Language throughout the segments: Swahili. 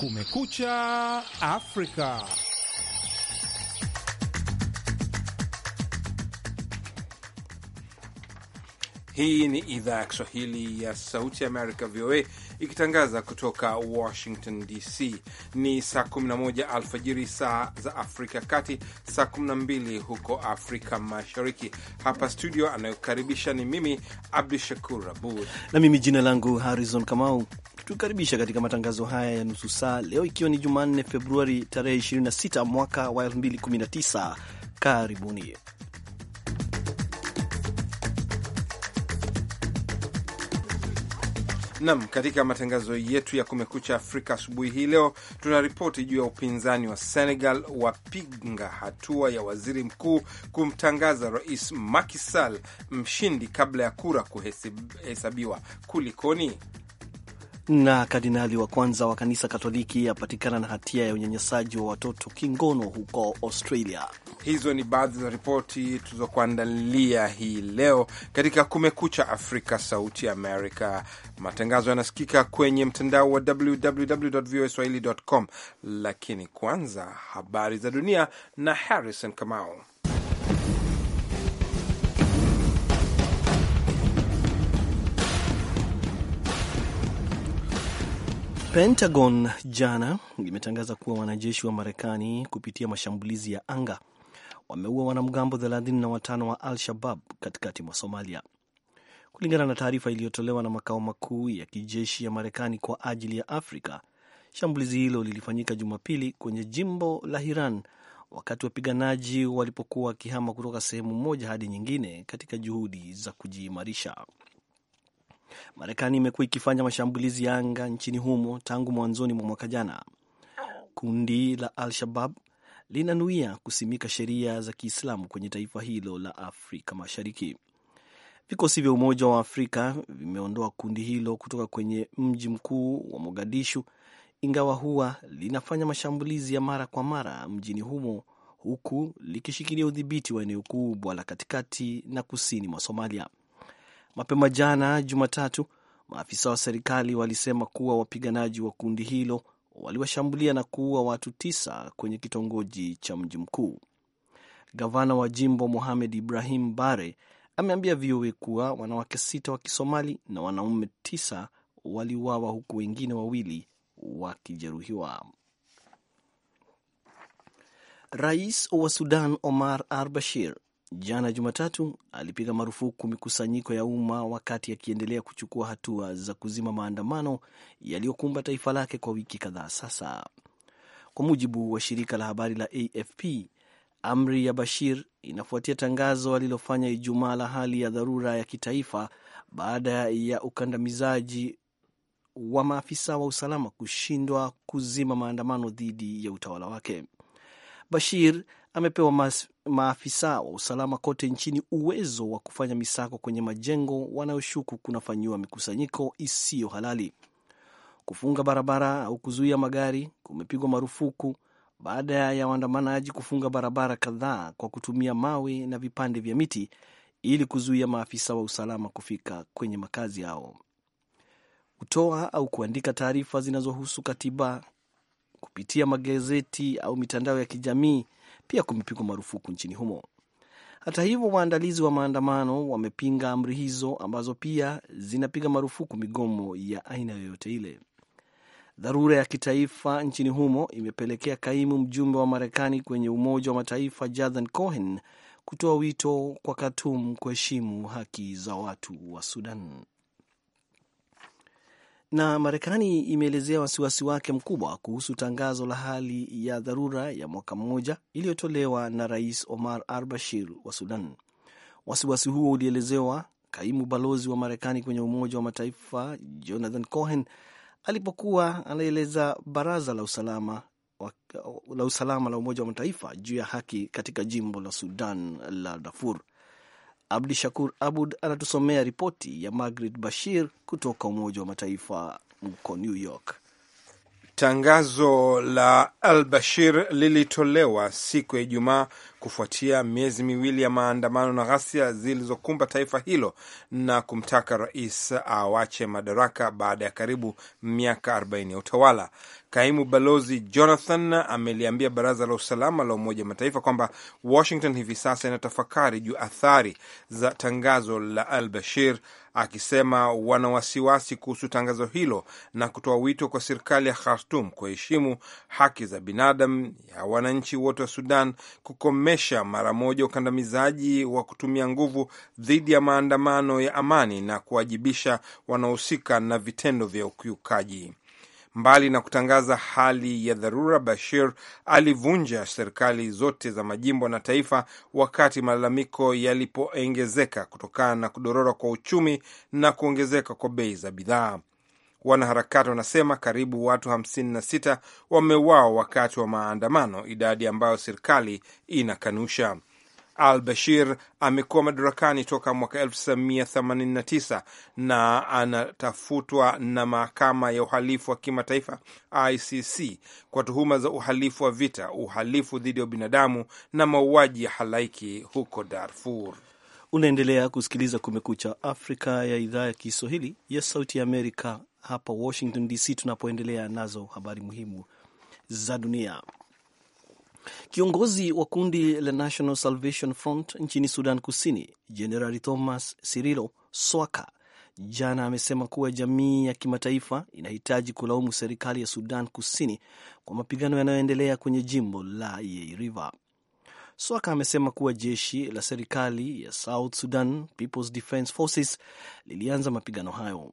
Kumekucha Afrika. Hii ni idhaa ya Kiswahili ya Sauti ya Amerika, VOA, ikitangaza kutoka Washington DC. Ni saa 11 alfajiri saa za Afrika ya Kati, saa 12 huko Afrika Mashariki. Hapa studio anayokaribisha ni mimi Abdu Shakur Abud na mimi jina langu Harrison Kamau tukikaribisha katika matangazo haya ya nusu saa leo, ikiwa ni Jumanne Februari tarehe 26 mwaka wa 2019. Karibuni nam katika matangazo yetu ya Kumekucha Afrika asubuhi hii leo, tuna ripoti juu ya upinzani wa Senegal wapinga hatua ya waziri mkuu kumtangaza Rais Macky Sall mshindi kabla ya kura kuhesabiwa. Kulikoni? na kardinali wa kwanza wa kanisa Katoliki apatikana na hatia ya unyanyasaji wa watoto kingono huko Australia. Hizo ni baadhi za ripoti tulizokuandalia hii leo katika Kumekucha Afrika, Sauti Amerika. Matangazo yanasikika kwenye mtandao wa www voa swahili com, lakini kwanza habari za dunia na Harrison Kamau. Pentagon jana limetangaza kuwa wanajeshi wa Marekani kupitia mashambulizi ya anga wameua wanamgambo 35 wa Al-Shabab katikati mwa Somalia, kulingana na taarifa iliyotolewa na makao makuu ya kijeshi ya Marekani kwa ajili ya Afrika. Shambulizi hilo lilifanyika Jumapili kwenye jimbo la Hiran wakati wapiganaji walipokuwa wakihama kutoka sehemu moja hadi nyingine katika juhudi za kujiimarisha. Marekani imekuwa ikifanya mashambulizi ya anga nchini humo tangu mwanzoni mwa mwaka jana. Kundi la Al-Shabab linanuia kusimika sheria za Kiislamu kwenye taifa hilo la Afrika Mashariki. Vikosi vya Umoja wa Afrika vimeondoa kundi hilo kutoka kwenye mji mkuu wa Mogadishu, ingawa huwa linafanya mashambulizi ya mara kwa mara mjini humo, huku likishikilia udhibiti wa eneo kubwa la katikati na kusini mwa Somalia. Mapema jana Jumatatu, maafisa wa serikali walisema kuwa wapiganaji wa kundi hilo waliwashambulia na kuua watu tisa kwenye kitongoji cha mji mkuu. Gavana wa jimbo Mohamed Ibrahim Bare ameambia VOA kuwa wanawake sita wa Kisomali na wanaume tisa waliuawa huku wengine wawili wakijeruhiwa. Rais wa Sudan Omar al Bashir jana Jumatatu alipiga marufuku mikusanyiko ya umma wakati akiendelea kuchukua hatua za kuzima maandamano yaliyokumba taifa lake kwa wiki kadhaa sasa. Kwa mujibu wa shirika la habari la AFP, amri ya Bashir inafuatia tangazo alilofanya Ijumaa la hali ya dharura ya kitaifa baada ya ukandamizaji wa maafisa wa usalama kushindwa kuzima maandamano dhidi ya utawala wake. Bashir amepewa maafisa wa usalama kote nchini uwezo wa kufanya misako kwenye majengo wanayoshuku kunafanyiwa mikusanyiko isiyo halali. Kufunga barabara au kuzuia magari kumepigwa marufuku baada ya waandamanaji kufunga barabara kadhaa kwa kutumia mawe na vipande vya miti ili kuzuia maafisa wa usalama kufika kwenye makazi yao, kutoa au kuandika taarifa zinazohusu katiba kupitia magazeti au mitandao ya kijamii pia kumepigwa marufuku nchini humo. Hata hivyo, waandalizi wa maandamano wamepinga amri hizo ambazo pia zinapiga marufuku migomo ya aina yoyote ile. Dharura ya kitaifa nchini humo imepelekea kaimu mjumbe wa Marekani kwenye Umoja wa Mataifa Jonathan Cohen kutoa wito kwa Khartoum kuheshimu haki za watu wa Sudan. Na Marekani imeelezea wasiwasi wake mkubwa kuhusu tangazo la hali ya dharura ya mwaka mmoja iliyotolewa na Rais Omar al Bashir wa Sudan. Wasiwasi huo ulielezewa kaimu balozi wa Marekani kwenye Umoja wa Mataifa Jonathan Cohen alipokuwa anaeleza Baraza la Usalama la usalama la Umoja wa Mataifa juu ya haki katika jimbo la Sudan la Darfur. Abdi Shakur Abud anatusomea ripoti ya Margaret Bashir kutoka Umoja wa Mataifa huko New York. Tangazo la Al Bashir lilitolewa siku ya Ijumaa kufuatia miezi miwili ya maandamano na ghasia zilizokumba taifa hilo na kumtaka rais awache madaraka baada ya karibu miaka 40 ya utawala. Kaimu balozi Jonathan ameliambia baraza la usalama la Umoja Mataifa kwamba Washington hivi sasa inatafakari juu athari za tangazo la Al Bashir akisema wana wasiwasi kuhusu tangazo hilo na kutoa wito kwa serikali ya Khartum kuheshimu haki za binadamu ya wananchi wote wa Sudan, kukomesha mara moja ukandamizaji wa kutumia nguvu dhidi ya maandamano ya amani na kuwajibisha wanaohusika na vitendo vya ukiukaji. Mbali na kutangaza hali ya dharura, Bashir alivunja serikali zote za majimbo na taifa wakati malalamiko yalipoongezeka kutokana na kudorora kwa uchumi na kuongezeka kwa bei za bidhaa. Wanaharakati wanasema karibu watu 56 wameuawa wakati wa maandamano, idadi ambayo serikali inakanusha. Al Bashir amekuwa madarakani toka mwaka 1989 na anatafutwa na mahakama ya uhalifu wa kimataifa ICC kwa tuhuma za uhalifu wa vita, uhalifu dhidi ya binadamu na mauaji ya halaiki huko Darfur. Unaendelea kusikiliza Kumekucha Afrika ya idhaa ya Kiswahili ya Sauti ya Amerika, hapa Washington DC, tunapoendelea nazo habari muhimu za dunia. Kiongozi wa kundi la National Salvation Front nchini Sudan Kusini, Jenerali Thomas Sirilo Swaka jana amesema kuwa jamii ya kimataifa inahitaji kulaumu serikali ya Sudan Kusini kwa mapigano yanayoendelea kwenye jimbo la Yei River. Swaka amesema kuwa jeshi la serikali ya South Sudan People's Defence Forces lilianza mapigano hayo.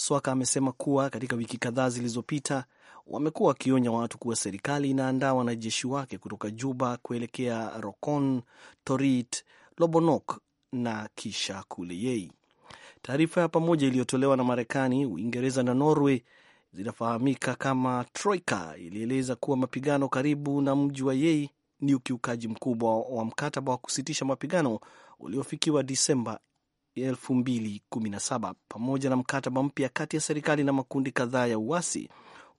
Swaka amesema kuwa katika wiki kadhaa zilizopita wamekuwa wakionya watu kuwa serikali inaandaa wanajeshi wake kutoka Juba kuelekea Rokon, Torit, Lobonok na kisha kule Yei. Taarifa ya pamoja iliyotolewa na Marekani, Uingereza na Norway zinafahamika kama Troika ilieleza kuwa mapigano karibu na mji wa Yei ni ukiukaji mkubwa wa mkataba wa kusitisha mapigano uliofikiwa Disemba 2017 pamoja na mkataba mpya kati ya serikali na makundi kadhaa ya uasi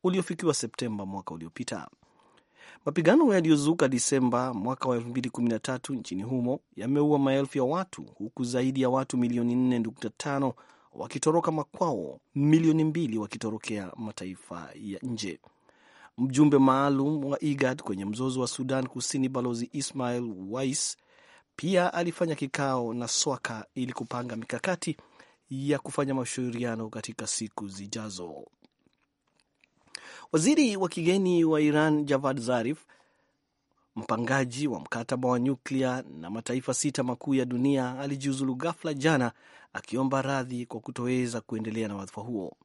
uliofikiwa Septemba mwaka uliopita. Mapigano yaliyozuka Disemba mwaka wa 2013 nchini humo yameua maelfu ya watu huku zaidi ya watu milioni 4.5 wakitoroka makwao, milioni mbili wakitorokea mataifa ya nje. Mjumbe maalum wa IGAD kwenye mzozo wa Sudan Kusini, Balozi Ismail Wais pia alifanya kikao na Swaka ili kupanga mikakati ya kufanya mashauriano katika siku zijazo. Waziri wa kigeni wa Iran Javad Zarif, mpangaji wa mkataba wa nyuklia na mataifa sita makuu ya dunia, alijiuzulu ghafla jana akiomba radhi kwa kutoweza kuendelea na wadhifa huo.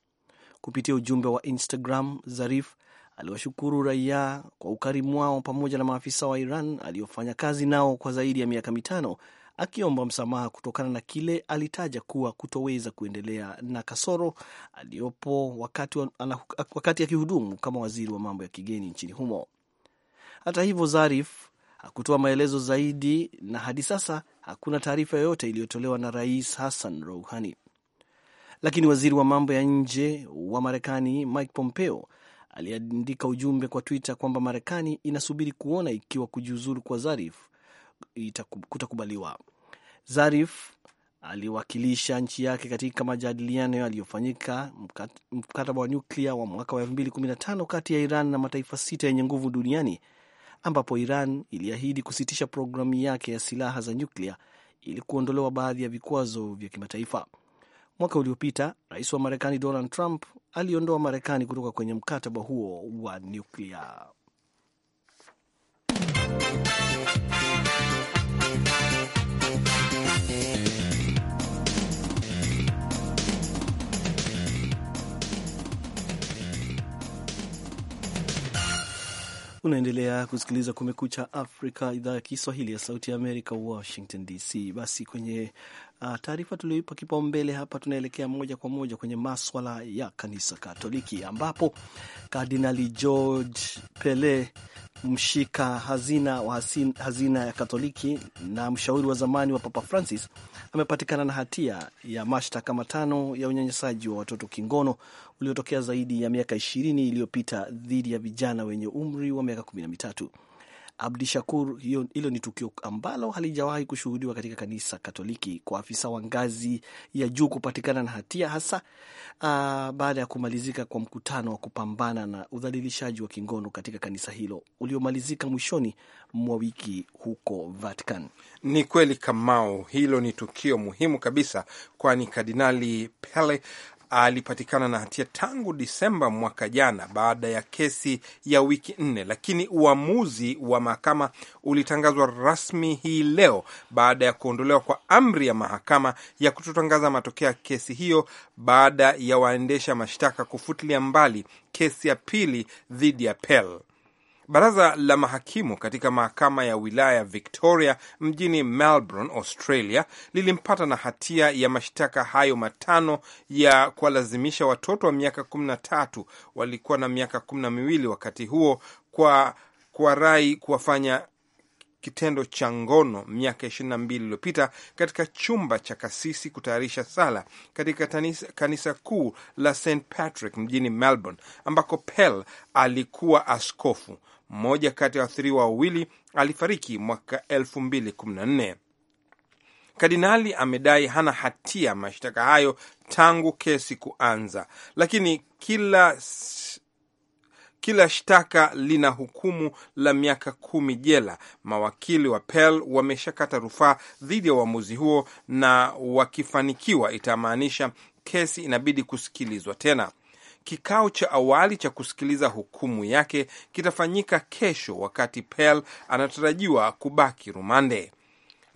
Kupitia ujumbe wa Instagram, Zarif aliwashukuru raia kwa ukarimu wao pamoja na maafisa wa Iran aliofanya kazi nao kwa zaidi ya miaka mitano, akiomba msamaha kutokana na kile alitaja kuwa kutoweza kuendelea na kasoro aliyopo wakati, wa, wakati akihudumu kama waziri wa mambo ya kigeni nchini humo. Hata hivyo, Zarif hakutoa maelezo zaidi na hadi sasa hakuna taarifa yoyote iliyotolewa na Rais Hassan Rouhani. Lakini waziri wa mambo ya nje wa Marekani Mike Pompeo aliandika ujumbe kwa Twitter kwamba Marekani inasubiri kuona ikiwa kujiuzuru kwa Zarif kutakubaliwa. Zarif aliwakilisha nchi yake katika majadiliano yaliyofanyika mkataba wa nyuklia wa mwaka wa 2015 kati ya Iran na mataifa sita yenye nguvu duniani ambapo Iran iliahidi kusitisha programu yake ya silaha za nyuklia ili kuondolewa baadhi ya vikwazo vya kimataifa. Mwaka uliopita rais wa Marekani Donald Trump aliondoa Marekani kutoka kwenye mkataba huo wa nyuklia. Unaendelea kusikiliza Kumekucha Afrika, idhaa ya Kiswahili ya Sauti ya Amerika, Washington DC. Basi kwenye uh, taarifa tulioipa kipaumbele hapa, tunaelekea moja kwa moja kwenye maswala ya kanisa Katoliki ambapo Kardinali George Pele mshika hazina wa hazina ya Katoliki na mshauri wa zamani wa Papa Francis amepatikana na hatia ya mashtaka matano ya unyanyasaji wa watoto kingono uliotokea zaidi ya miaka ishirini iliyopita dhidi ya vijana wenye umri wa miaka kumi na mitatu. Abdi Shakur, hilo ni tukio ambalo halijawahi kushuhudiwa katika kanisa Katoliki kwa afisa wa ngazi ya juu kupatikana na hatia, hasa uh, baada ya kumalizika kwa mkutano wa kupambana na udhalilishaji wa kingono katika kanisa hilo uliomalizika mwishoni mwa wiki huko Vatican. Ni kweli kamao hilo ni tukio muhimu kabisa, kwani Kardinali Pele alipatikana na hatia tangu Disemba mwaka jana baada ya kesi ya wiki nne, lakini uamuzi wa mahakama ulitangazwa rasmi hii leo baada ya kuondolewa kwa amri ya mahakama ya kutotangaza matokeo ya kesi hiyo baada ya waendesha mashtaka kufutilia mbali kesi ya pili dhidi ya Pell. Baraza la mahakimu katika mahakama ya wilaya Victoria mjini Melbourne, Australia, lilimpata na hatia ya mashtaka hayo matano ya kuwalazimisha watoto wa miaka kumi na tatu walikuwa na miaka kumi na miwili wakati huo kwa kuwarai kuwafanya kitendo cha ngono miaka ishirini na mbili iliyopita katika chumba cha kasisi kutayarisha sala katika tanisa, kanisa kuu la St Patrick mjini Melbourne ambako Pell alikuwa askofu. Mmoja kati ya waathiriwa wawili alifariki mwaka 2014. Kardinali amedai hana hatia mashtaka hayo tangu kesi kuanza, lakini kila kila shtaka lina hukumu la miaka kumi jela. Mawakili wa Pell wameshakata rufaa dhidi ya uamuzi huo, na wakifanikiwa itamaanisha kesi inabidi kusikilizwa tena. Kikao cha awali cha kusikiliza hukumu yake kitafanyika kesho, wakati Pell anatarajiwa kubaki rumande.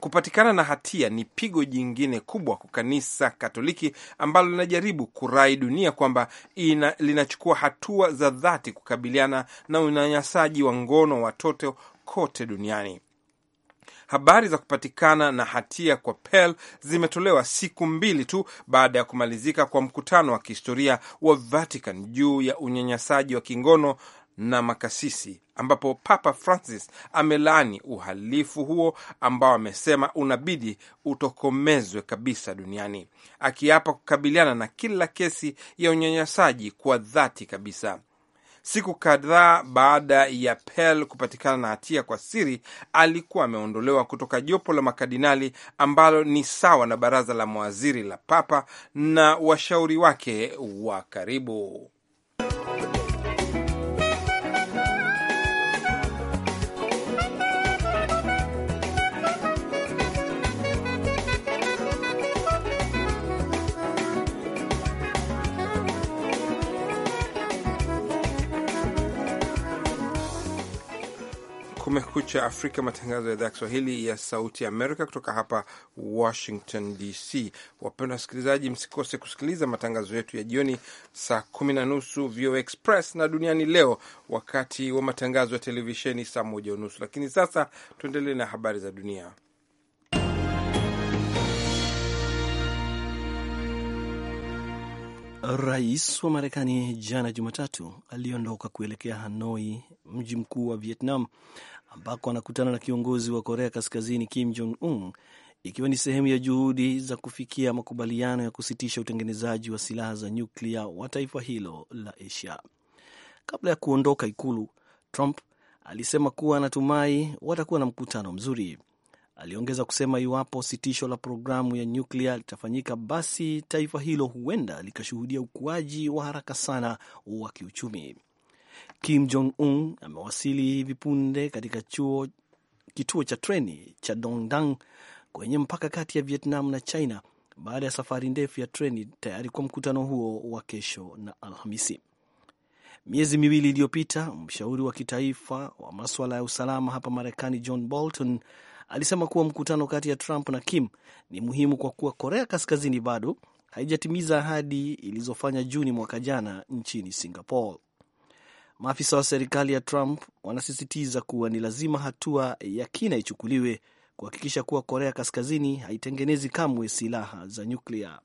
Kupatikana na hatia ni pigo jingine kubwa kwa kanisa Katoliki ambalo linajaribu kurai dunia kwamba ina, linachukua hatua za dhati kukabiliana na unyanyasaji wa ngono watoto kote duniani. Habari za kupatikana na hatia kwa Pell zimetolewa siku mbili tu baada ya kumalizika kwa mkutano wa kihistoria wa Vatican juu ya unyanyasaji wa kingono na makasisi ambapo Papa Francis amelaani uhalifu huo ambao amesema unabidi utokomezwe kabisa duniani, akiapa kukabiliana na kila kesi ya unyanyasaji kwa dhati kabisa. Siku kadhaa baada ya Pell kupatikana na hatia kwa siri, alikuwa ameondolewa kutoka jopo la makardinali ambalo ni sawa na baraza la mawaziri la Papa na washauri wake wa karibu. Kumekucha Afrika, matangazo ya idhaa ya Kiswahili ya Sauti Amerika kutoka hapa Washington DC. Wapendwa wasikilizaji, msikose kusikiliza matangazo yetu ya jioni saa kumi na nusu VOA Express na Duniani Leo wakati wa matangazo ya televisheni saa moja unusu. Lakini sasa tuendelee na habari za dunia. Rais wa Marekani jana Jumatatu aliondoka kuelekea Hanoi, mji mkuu wa Vietnam, ambako anakutana na kiongozi wa Korea Kaskazini Kim Jong Un, ikiwa ni sehemu ya juhudi za kufikia makubaliano ya kusitisha utengenezaji wa silaha za nyuklia wa taifa hilo la Asia. Kabla ya kuondoka Ikulu, Trump alisema kuwa anatumai watakuwa na mkutano mzuri. Aliongeza kusema iwapo sitisho la programu ya nyuklia litafanyika, basi taifa hilo huenda likashuhudia ukuaji wa haraka sana wa kiuchumi. Kim Jong Un amewasili hivi punde katika chuo, kituo cha treni cha Dongdang kwenye mpaka kati ya Vietnam na China baada ya safari ndefu ya treni tayari kwa mkutano huo wa kesho na Alhamisi. Miezi miwili iliyopita, mshauri wa kitaifa wa maswala ya usalama hapa Marekani John Bolton alisema kuwa mkutano kati ya Trump na Kim ni muhimu kwa kuwa Korea Kaskazini bado haijatimiza ahadi ilizofanya Juni mwaka jana nchini Singapore. Maafisa wa serikali ya Trump wanasisitiza kuwa ni lazima hatua ya kina ichukuliwe kuhakikisha kuwa Korea Kaskazini haitengenezi kamwe silaha za nyuklia.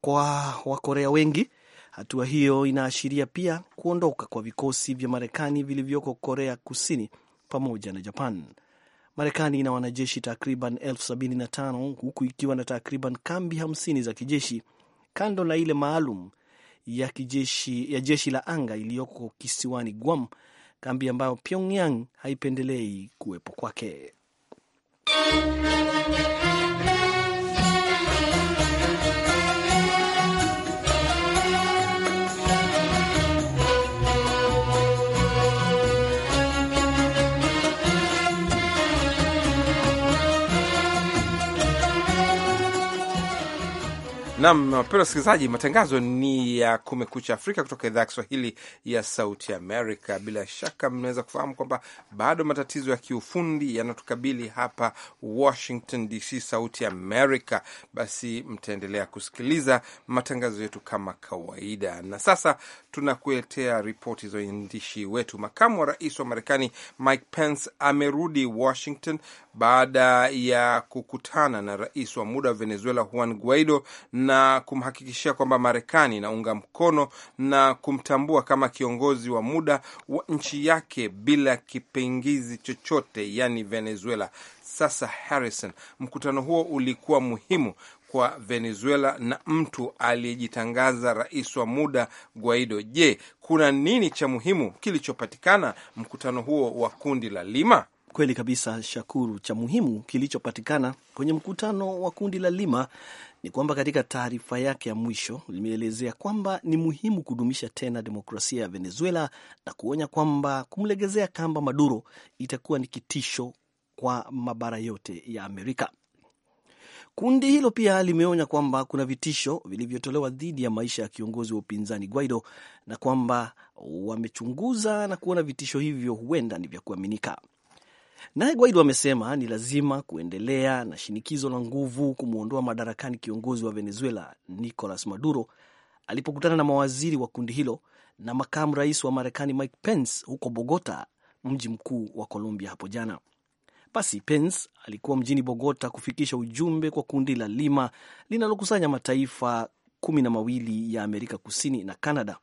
Kwa Wakorea wengi, hatua hiyo inaashiria pia kuondoka kwa vikosi vya Marekani vilivyoko Korea Kusini pamoja na Japan. Marekani ina wanajeshi takriban elfu sabini na tano huku ikiwa na takriban kambi 50 za kijeshi kando na ile maalum ya kijeshi, ya jeshi la anga iliyoko kisiwani Guam, kambi ambayo Pyongyang haipendelei kuwepo kwake. Nam wapenda wasikilizaji, matangazo ni ya Kumekucha Afrika kutoka idhaa ya Kiswahili ya Sauti Amerika. Bila shaka mnaweza kufahamu kwamba bado matatizo ya kiufundi yanatukabili hapa Washington DC, Sauti Amerika. Basi mtaendelea kusikiliza matangazo yetu kama kawaida, na sasa tunakuletea ripoti za uandishi wetu. Makamu wa rais wa Marekani Mike Pence amerudi Washington baada ya kukutana na rais wa muda wa Venezuela Juan Guaido na kumhakikishia kwamba Marekani inaunga mkono na kumtambua kama kiongozi wa muda wa nchi yake bila kipingizi chochote, yani Venezuela. Sasa Harrison, mkutano huo ulikuwa muhimu kwa Venezuela na mtu aliyejitangaza rais wa muda Guaido. Je, kuna nini cha muhimu kilichopatikana mkutano huo wa kundi la Lima? Kweli kabisa, Shakuru. Cha muhimu kilichopatikana kwenye mkutano wa kundi la Lima ni kwamba katika taarifa yake ya mwisho limeelezea kwamba ni muhimu kudumisha tena demokrasia ya Venezuela na kuonya kwamba kumlegezea kamba Maduro itakuwa ni kitisho kwa mabara yote ya Amerika. Kundi hilo pia limeonya kwamba kuna vitisho vilivyotolewa dhidi ya maisha ya kiongozi wa upinzani Guaido na kwamba wamechunguza na kuona vitisho hivyo huenda ni vya kuaminika. Naye Guaido amesema ni lazima kuendelea na shinikizo la nguvu kumwondoa madarakani kiongozi wa Venezuela Nicolas Maduro alipokutana na mawaziri wa kundi hilo na makamu rais wa Marekani Mike Pence huko Bogota, mji mkuu wa Colombia hapo jana. Basi Pence alikuwa mjini Bogota kufikisha ujumbe kwa kundi la Lima linalokusanya mataifa kumi na mawili ya Amerika Kusini na Canada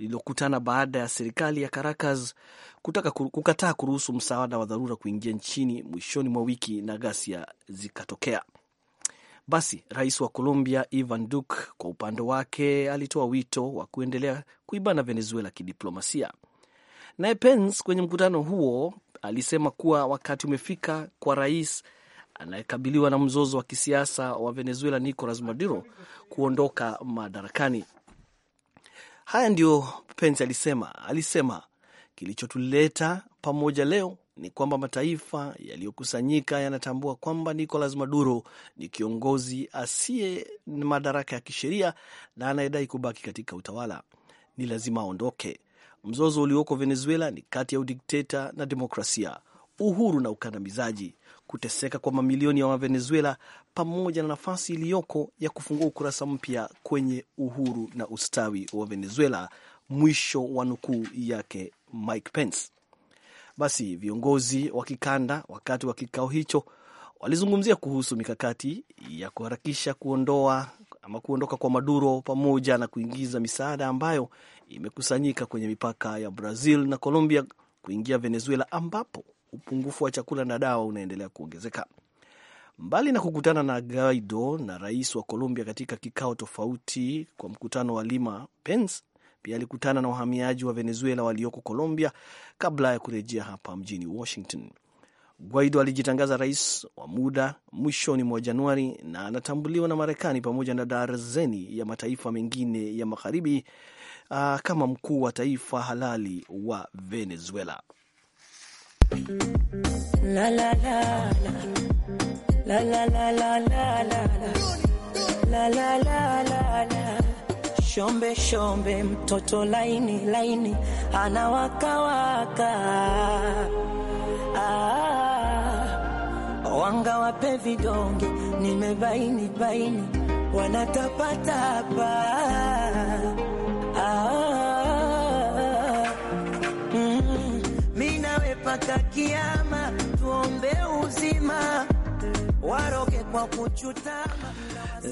lililokutana baada ya serikali ya Caracas kutaka kukataa kuruhusu msaada wa dharura kuingia nchini mwishoni mwa wiki na ghasia zikatokea. Basi rais wa Colombia Ivan Duque kwa upande wake alitoa wito wa kuendelea kuibana Venezuela kidiplomasia. Naye Pence kwenye mkutano huo alisema kuwa wakati umefika kwa rais anayekabiliwa na mzozo wa kisiasa wa Venezuela Nicolas Maduro kuondoka madarakani. Haya ndiyo Pence alisema. Alisema kilichotuleta pamoja leo ni kwamba mataifa yaliyokusanyika yanatambua kwamba Nicolas Maduro ni kiongozi asiye na madaraka ya kisheria na anayedai kubaki katika utawala. Ni lazima aondoke. Mzozo ulioko Venezuela ni kati ya udikteta na demokrasia uhuru na ukandamizaji, kuteseka kwa mamilioni ya Wavenezuela pamoja na nafasi iliyoko ya kufungua ukurasa mpya kwenye uhuru na ustawi wa Venezuela. Mwisho wa nukuu yake Mike Pence. Basi viongozi wa kikanda wakati wa kikao hicho walizungumzia kuhusu mikakati ya kuharakisha kuondoa ama kuondoka kwa Maduro pamoja na kuingiza misaada ambayo imekusanyika kwenye mipaka ya Brazil na Colombia kuingia Venezuela ambapo upungufu wa chakula na dawa unaendelea kuongezeka. Mbali na kukutana na Guaido na rais wa Colombia katika kikao tofauti kwa mkutano wa Lima, Pence pia alikutana na wahamiaji wa Venezuela walioko Colombia kabla ya kurejea hapa mjini Washington. Guaido alijitangaza rais wa muda mwishoni mwa Januari na anatambuliwa na Marekani pamoja na darzeni ya mataifa mengine ya magharibi ah, kama mkuu wa taifa halali wa Venezuela la la la la la la la la la la la la la shombe shombe, mtoto laini laini anawakawaka ah, wanga wape vidonge, nimebaini baini wanatapatapa mpaka kiama, tuombe uzima waroke kwa kuchutama.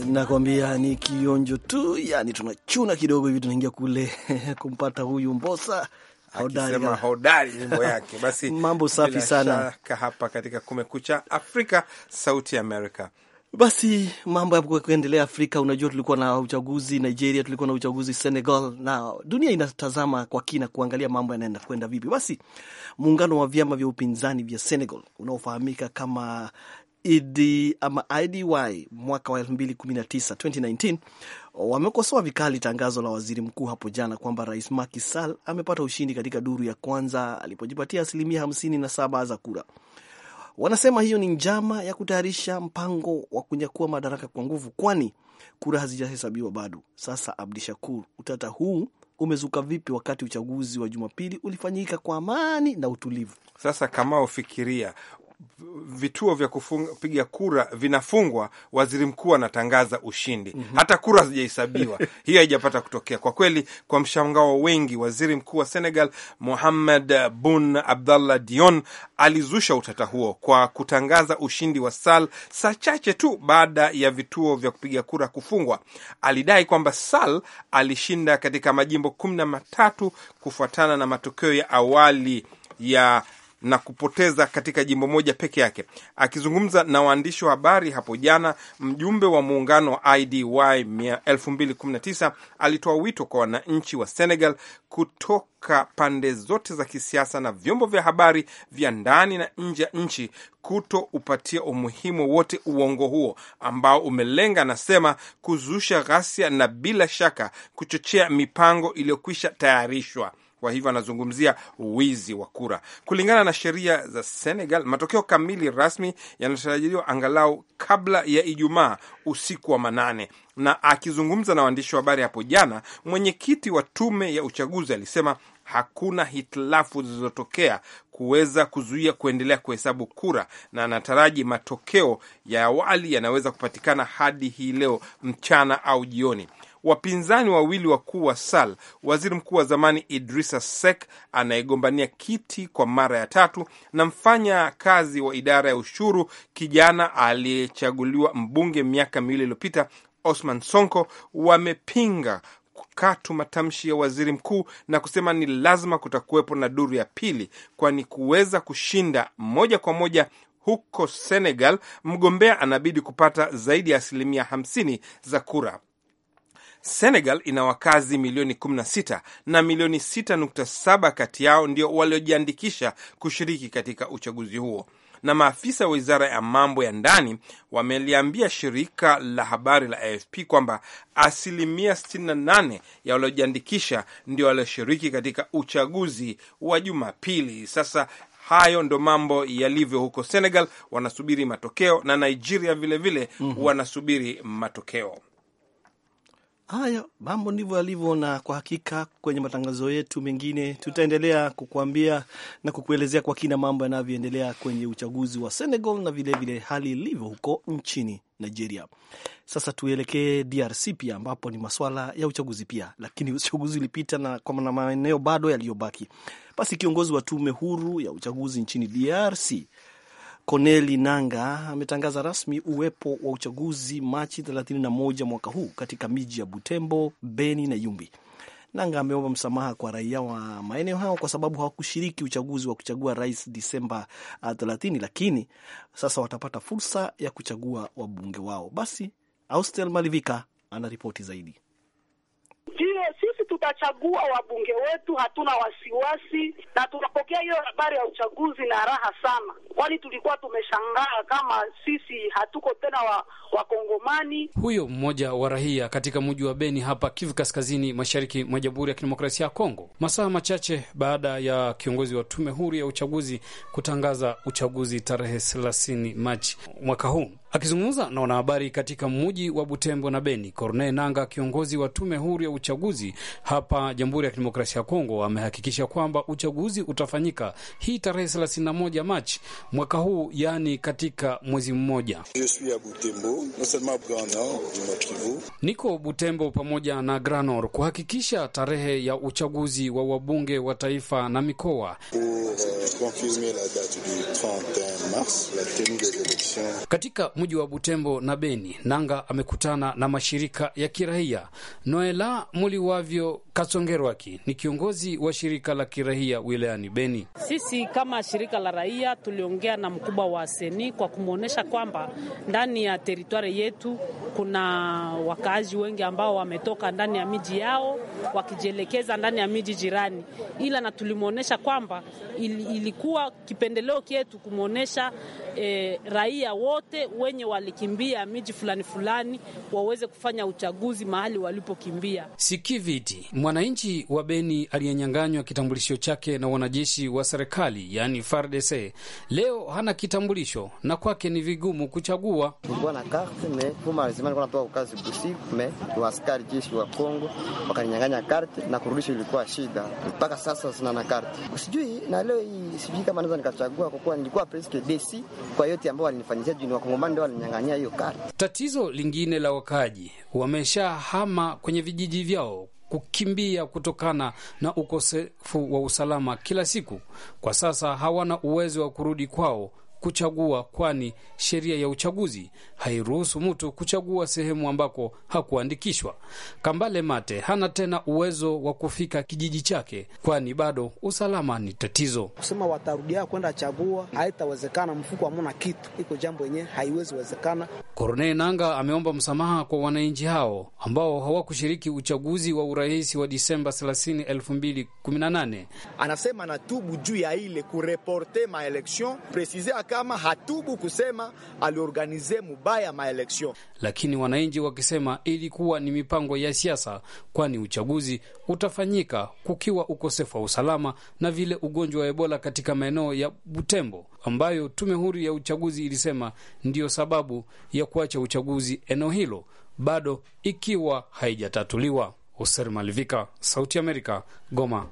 Nakwambia ni kionjo tu, yani tunachuna kidogo hivi, tunaingia kule kumpata huyu Mbosa akisema hodari nyimbo yake. Basi mambo safi sana hapa katika Kumekucha Afrika, Sauti Amerika. Basi mambo kuendelea Afrika. Unajua, tulikuwa na uchaguzi Nigeria, tulikuwa na uchaguzi Senegal, na dunia inatazama kwa kina kuangalia mambo yanaenda kwenda vipi. Basi muungano wa vyama vya upinzani vya Senegal unaofahamika kama ID ama IDY mwaka wa 2019 2019 wamekosoa vikali tangazo la waziri mkuu hapo jana kwamba rais Macky Sall amepata ushindi katika duru ya kwanza alipojipatia asilimia 57 za kura. Wanasema hiyo ni njama ya kutayarisha mpango wa kunyakua madaraka kwa nguvu, kwani kura hazijahesabiwa bado. Sasa Abdi Shakur, utata huu umezuka vipi wakati uchaguzi wa Jumapili ulifanyika kwa amani na utulivu? Sasa kama ufikiria vituo vya kupiga kura vinafungwa, waziri mkuu anatangaza ushindi mm -hmm. hata kura hazijahesabiwa hiyo haijapata kutokea. Kwa kweli, kwa mshangao wengi, waziri mkuu wa Senegal Mohamed bun Abdallah Dion alizusha utata huo kwa kutangaza ushindi wa sal saa chache tu baada ya vituo vya kupiga kura kufungwa. Alidai kwamba sal alishinda katika majimbo kumi na matatu kufuatana na matokeo ya awali ya na kupoteza katika jimbo moja peke yake. Akizungumza na waandishi wa habari hapo jana, mjumbe wa muungano wa IDY 2019 alitoa wito kwa wananchi wa Senegal kutoka pande zote za kisiasa na vyombo vya habari vya ndani na nje ya nchi kuto upatia umuhimu wote uongo huo ambao umelenga, anasema, kuzusha ghasia na bila shaka kuchochea mipango iliyokwisha tayarishwa. Kwa hivyo anazungumzia wizi wa kura. Kulingana na sheria za Senegal, matokeo kamili rasmi yanatarajiwa angalau kabla ya Ijumaa usiku wa manane. Na akizungumza na waandishi wa habari hapo jana, mwenyekiti wa tume ya uchaguzi alisema hakuna hitilafu zilizotokea kuweza kuzuia kuendelea kuhesabu kura, na anataraji matokeo ya awali yanaweza kupatikana hadi hii leo mchana au jioni. Wapinzani wawili wakuu wa SAL, waziri mkuu wa zamani Idrisa Sek anayegombania kiti kwa mara ya tatu, na mfanya kazi wa idara ya ushuru kijana aliyechaguliwa mbunge miaka miwili iliyopita Osman Sonko wamepinga kukatu matamshi ya waziri mkuu na kusema ni lazima kutakuwepo na duru ya pili, kwani kuweza kushinda moja kwa moja huko Senegal, mgombea anabidi kupata zaidi ya asilimia hamsini za kura. Senegal ina wakazi milioni 16 na milioni 6.7 kati yao ndio waliojiandikisha kushiriki katika uchaguzi huo na maafisa wa wizara ya mambo ya ndani wameliambia shirika la habari la AFP kwamba asilimia 68 ya waliojiandikisha ndio walioshiriki katika uchaguzi wa Jumapili. Sasa hayo ndo mambo yalivyo huko Senegal, wanasubiri matokeo na Nigeria vilevile vile, mm -hmm. wanasubiri matokeo. Haya mambo ndivyo yalivyo, na kwa hakika kwenye matangazo yetu mengine tutaendelea kukuambia na kukuelezea kwa kina mambo yanavyoendelea kwenye uchaguzi wa Senegal na vilevile vile hali ilivyo huko nchini Nigeria. Sasa tuelekee DRC pia ambapo ni maswala ya uchaguzi pia, lakini uchaguzi ulipita na kwa maana maeneo bado yaliyobaki. Basi kiongozi wa tume huru ya uchaguzi nchini DRC Koneli Nanga ametangaza rasmi uwepo wa uchaguzi Machi 31 mwaka huu katika miji ya Butembo, Beni na Yumbi. Nanga ameomba msamaha kwa raia wa maeneo hayo kwa sababu hawakushiriki uchaguzi wa kuchagua rais Disemba 30, ah, lakini sasa watapata fursa ya kuchagua wabunge wao. Basi Austel Malivika ana ripoti zaidi. Ndiyo, sisi tutachagua wabunge wetu, hatuna wasiwasi na tunapokea hiyo habari ya uchaguzi na raha sana, kwani tulikuwa tumeshangaa kama sisi hatuko tena wakongomani wa huyo mmoja wa rahia katika mji wa Beni hapa Kivu Kaskazini, mashariki mwa Jamhuri ya Kidemokrasia ya Kongo, masaa machache baada ya kiongozi wa tume huru ya uchaguzi kutangaza uchaguzi tarehe 30 Machi mwaka huu. Akizungumza na wanahabari katika mji wa Butembo na Beni, Corne Nanga, kiongozi wa tume huru ya uchaguzi hapa Jamhuri ya Kidemokrasia ya Kongo, amehakikisha kwamba uchaguzi utafanyika hii tarehe 31 Machi mwaka huu, yaani katika mwezi mmoja. Niko Butembo pamoja na Granor kuhakikisha tarehe ya uchaguzi wa wabunge wa taifa na mikoa. Euh, katika mji wa Butembo na Beni. Nanga amekutana na mashirika ya kirahia Noela Muliwavyo Kasongerwaki ni kiongozi wa shirika la kirahia wilayani Beni. Sisi kama shirika la raia tuliongea na mkubwa wa seni kwa kumwonyesha kwamba ndani ya teritwari yetu kuna wakaaji wengi ambao wametoka ndani ya miji yao wakijielekeza ndani ya miji jirani, ila na tulimwonyesha kwamba ilikuwa kipendeleo kyetu kumwonyesha eh, raia wote we wenye walikimbia miji fulani fulani waweze kufanya uchaguzi mahali walipokimbia. Sikiviti, mwananchi wa Beni aliyenyang'anywa kitambulisho chake na wanajeshi wa serikali yani FARDC, leo hana kitambulisho na kwake ni vigumu kuchagua. Nilikuwa na karte me nilikuwa busiku me jeshi wa Kongo wakaninyang'anya karte na kurudisha ilikuwa shida. Mpaka sasa sina na karte. Sijui na leo hii sijui kama naweza nikachagua kwa kuwa nilikuwa presque desi kwa yote ambao juu ni wakongomani ndio walinyang'anyia hiyo kati. Tatizo lingine la wakaaji wameshahama kwenye vijiji vyao kukimbia kutokana na ukosefu wa usalama kila siku. Kwa sasa hawana uwezo wa kurudi kwao kuchagua, kwani sheria ya uchaguzi hairuhusu mtu kuchagua sehemu ambako hakuandikishwa. Kambale Mate hana tena uwezo wa kufika kijiji chake, kwani bado usalama ni tatizo. Kusema watarudia kwenda chagua haitawezekana, mfuko hamuna kitu, iko jambo yenye haiwezi wezekana. Kornei Nanga ameomba msamaha kwa wananchi hao ambao hawakushiriki uchaguzi wa urais wa Disemba 30, 2018. Anasema anatubu juu ya ile kureporte maeleksion kama hatubu kusema aliorganize mubaya maeleksion, lakini wananchi wakisema ilikuwa ni mipango ya siasa, kwani uchaguzi utafanyika kukiwa ukosefu wa usalama na vile ugonjwa wa Ebola katika maeneo ya Butembo ambayo tume huru ya uchaguzi ilisema ndiyo sababu ya kuacha uchaguzi eneo hilo bado ikiwa haijatatuliwa. Hoser Malivika, Sauti Amerika, Goma.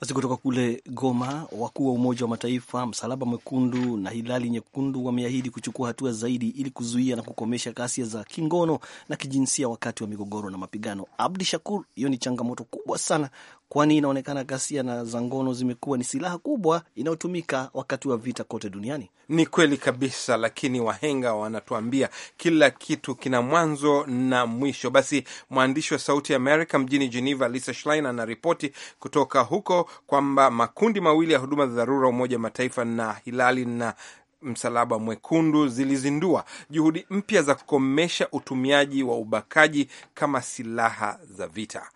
Basi kutoka kule Goma, wakuu wa Umoja wa Mataifa, Msalaba Mwekundu na Hilali Nyekundu wameahidi kuchukua hatua zaidi ili kuzuia na kukomesha ghasia za kingono na kijinsia wakati wa migogoro na mapigano. Abdi Shakur, hiyo ni changamoto kubwa sana kwani inaonekana ghasia na za ngono zimekuwa ni silaha kubwa inayotumika wakati wa vita kote duniani. Ni kweli kabisa, lakini wahenga wanatuambia kila kitu kina mwanzo na mwisho. Basi mwandishi wa Sauti ya Amerika mjini Geneva, Lisa Schlein anaripoti kutoka huko kwamba makundi mawili ya huduma za dharura Umoja wa Mataifa na Hilali na Msalaba Mwekundu zilizindua juhudi mpya za kukomesha utumiaji wa ubakaji kama silaha za vita.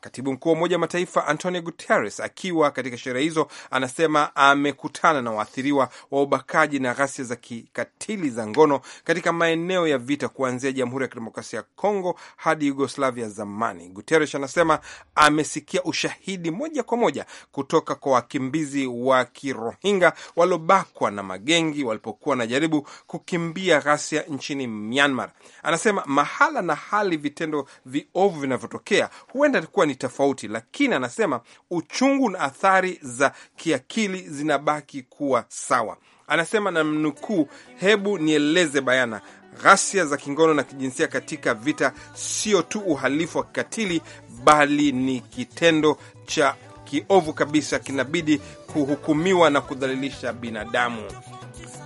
Katibu mkuu wa Umoja wa Mataifa Antonio Guterres akiwa katika sherehe hizo anasema amekutana na waathiriwa wa ubakaji na ghasia za kikatili za ngono katika maeneo ya vita kuanzia Jamhuri ya Kidemokrasia ya Kongo hadi Yugoslavia zamani. Guterres anasema amesikia ushahidi moja kwa moja kutoka kwa wakimbizi wa Kirohinga waliobakwa na magengi walipokuwa wanajaribu kukimbia ghasia nchini Myanmar. Anasema mahala na hali vitendo viovu vinavyotokea huenda kuwa ni tofauti, lakini anasema uchungu na athari za kiakili zinabaki kuwa sawa. Anasema na mnukuu, hebu nieleze bayana ghasia za kingono na kijinsia katika vita sio tu uhalifu wa kikatili, bali ni kitendo cha kiovu kabisa, kinabidi kuhukumiwa na kudhalilisha binadamu.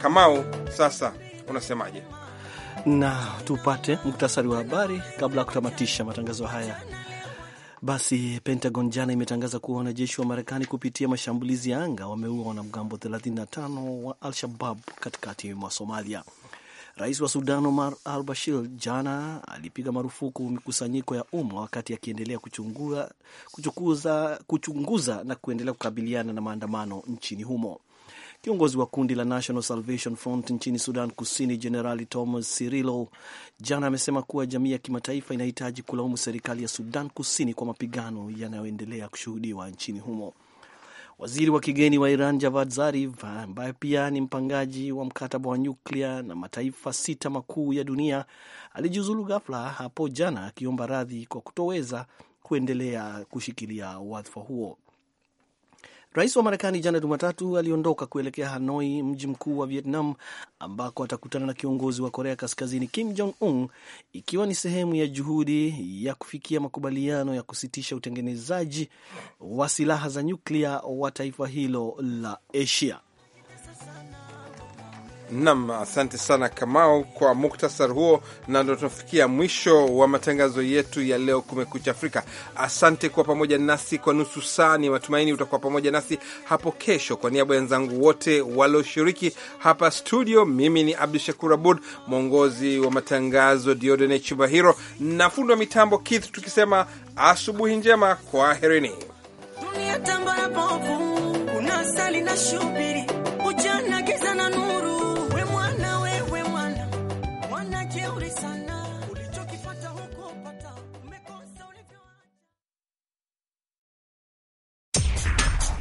Kamau, sasa unasemaje? Na tupate muktasari wa habari kabla ya kutamatisha matangazo haya. Basi Pentagon jana imetangaza kuwa wanajeshi wa Marekani kupitia mashambulizi ya anga wameua wanamgambo 35 wa Al-Shabab katikati mwa Somalia. Rais wa Sudan Omar al Bashir jana alipiga marufuku mikusanyiko ya umma wakati akiendelea kuchunguza, kuchunguza na kuendelea kukabiliana na maandamano nchini humo. Kiongozi wa kundi la National Salvation Front nchini Sudan Kusini, Jenerali Thomas Sirilo, jana amesema kuwa jamii ya kimataifa inahitaji kulaumu serikali ya Sudan Kusini kwa mapigano yanayoendelea kushuhudiwa nchini humo. Waziri wa kigeni wa Iran Javad Zarif, ambaye pia ni mpangaji wa mkataba wa nyuklia na mataifa sita makuu ya dunia, alijiuzulu ghafla hapo jana akiomba radhi kwa kutoweza kuendelea kushikilia wadhifa huo. Rais wa Marekani jana Jumatatu aliondoka kuelekea Hanoi, mji mkuu wa Vietnam, ambako atakutana na kiongozi wa Korea Kaskazini Kim Jong Un, ikiwa ni sehemu ya juhudi ya kufikia makubaliano ya kusitisha utengenezaji wa silaha za nyuklia wa taifa hilo la Asia. Nam, asante sana Kamau kwa muktasar huo, na ndo tunafikia mwisho wa matangazo yetu ya leo Kumekucha Afrika. Asante kuwa pamoja nasi kwa nusu saa. Ni matumaini utakuwa pamoja nasi hapo kesho. Kwa niaba ya wenzangu wote walioshiriki hapa studio, mimi ni Abdu Shakur Abud, mwongozi wa matangazo Diodene Chubahiro na fundi wa mitambo kith tukisema asubuhi njema, kwaherini. Dunia